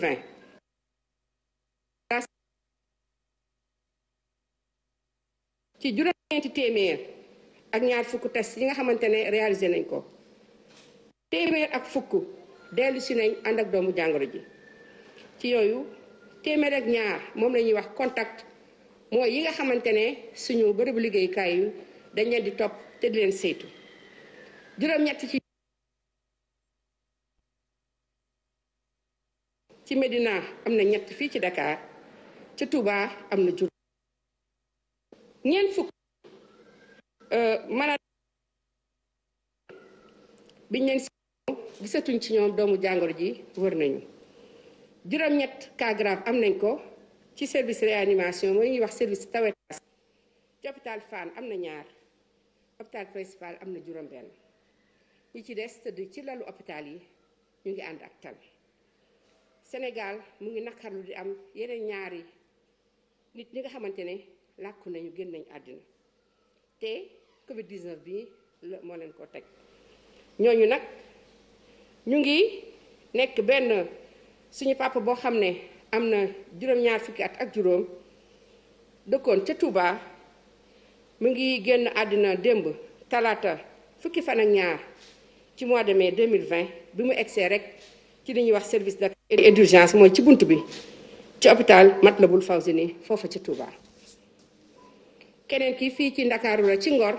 2020. ci juróom-ñeenti téeméer ak ñaar fukk test yi nga xamante ne réalisé nañ ko téeméer ak fukk dellu nañ ànd ak doomu jàngoro ji ci yooyu téeméer ak ñaar moom lañuy wax contact mooy yi nga xamante ne suñu bërëbu liggéeyukaay yi dañ leen di topp te di leen saytu juróom-ñett ci ci Médina am na ñett fii ci Dakar ci Touba am na jur ñeent fukk euh, malade biñ gisatuñ ci ñoom doomu jàngoro ji wër nañu juróom-ñett cas am nañ ko ci service réanimation mooy ñuy wax service tawetas ci hôpital Fann am na ñaar hôpital principal am na juróom-benn ñi ci des tëdd ci lalu hôpital yi ñu ngi ànd ak tal Sénégal mu ngi naqarlu di am yeneen ñaari nit ñi nga xamante ne làkku nañu génn nañu àddina te Covid 19 bii la moo leen ko teg ñooñu nag ñu ngi nekk benn suñu papa boo xam ne am na juróom-ñaar fukki at ak juróom dëkkoon ca Touba mu ngi génn àddina démb talaata fukki fan ak ñaar ci mois de mai 2020 bi mu egsee rek ci li ñuy wax service de. et d'urgence mooy ci bunt bi ci hôpital Matlaboul Fawzeyni foofa ci Touba. keneen ki fii ci Ndakaaru la ci Ngor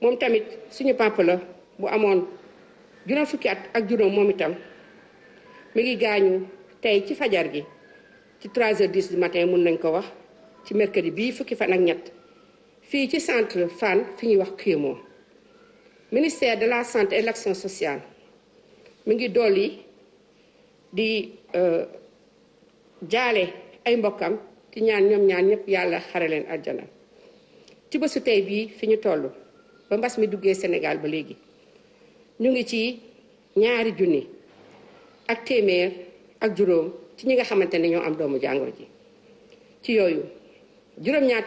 moom tamit suñu papa la bu amoon juróom fukki at ak juróom moom itam mu ngi gaañu tey ci fajar gi ci 3h10 du matin mun nañ ko wax ci mercredi bii fukki fan ak ñett fii ci centre Fann fi ñuy wax Kémo ministère de la santé et l'action sociale mi ngi dolli. di euh, jaale ay mbokkam ci ñaan ñoom ñaan ñëpp yàlla xare leen àjjana ci bésu tey bii fi ñu toll ba mbas mi duggee Sénégal ba léegi ñu ngi ci ñaari junni ak téeméer ak juróom ci ñi nga xamante ne ñoo am doomu jàngoro ji ci yooyu juróom-ñaar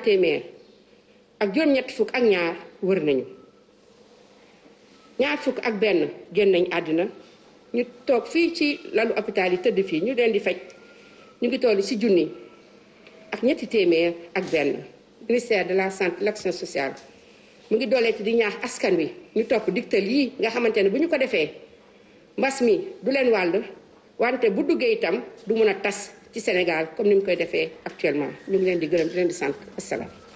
ak juróom-ñett fukk ak ñaar wër nañu ñaar fukk ak benn génn nañ àddina ñu toog fii ci lalu hôpital yi tëdd fii ñu leen di faj ñu ngi toll ci junni ak ñetti téeméer ak benn ministère de la sant l' action sociale mu ngi dooleeti di ñaax askan wi ñu topp digtal yi nga xamante ne bu ñu ko defee mbas mi du leen wàll wante bu duggee itam du mun a tas ci Sénégal comme ni mu koy defee actuellement ñu ngi leen di gërëm di leen di sant asalaam